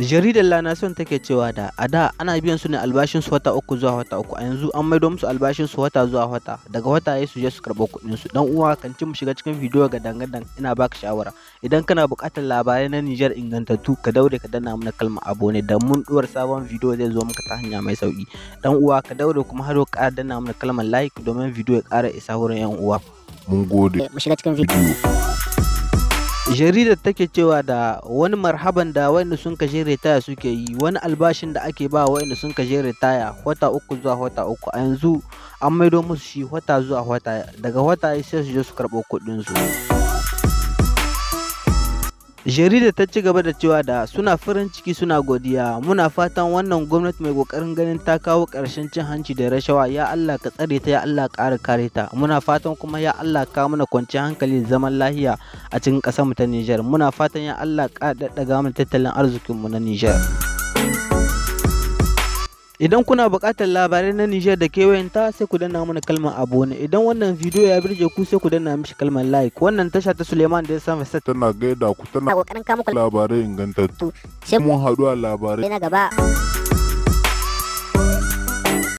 jaridar la nation take cewa da a da ana biyan su ne albashin su wata uku zuwa wata uku a yanzu an maido musu albashin su wata zuwa wata daga wata ya suje su karɓo kuɗin su dan uwa kan ci mu shiga cikin bidiyo ga dangadan ina baka shawara idan kana buƙatar labarai na Niger ingantattu ka daure ka danna mana kalma abone da mun duwar sabon bidiyo zai zo maka ta hanya mai sauki dan uwa ka daure kuma har ka danna mana kalmar like domin bidiyo ya ƙara isa wurin yan uwa mun gode eh, mu shiga cikin bidiyo jaridar take cewa da wani marhaban da wayanda sun kashe retaya suke yi wani albashin da ake ba wayanda sun kashe taya wata uku zuwa wata uku a yanzu an maido musu shi wata zuwa wata daga wata sai su je su karɓo kuɗin su jaridar ta ci gaba da cewa da suna farin ciki suna godiya muna fatan wannan gwamnati mai kokarin ganin ta kawo karshen cin hanci da rashawa ya Allah ka tsare ta ya Allah ƙara kare ta muna fatan kuma ya Allah ka mana kwanciyar hankali da zaman lahiya a cikin ƙasar mu ta Niger muna fatan ya Allah ka daddaga mana tattalin arzikin mu na Niger Idan kuna buƙatar labarai na Nijar da kewayenta sai ku danna mana kalmar abone. Idan wannan bidiyo ya birge ku sai ku danna mishi kalmar like. Wannan tasha ta Suleiman da ya san set tana gaida ku tana kokarin kama labarai ingantattu. Sai mun haɗu a labarai na gaba.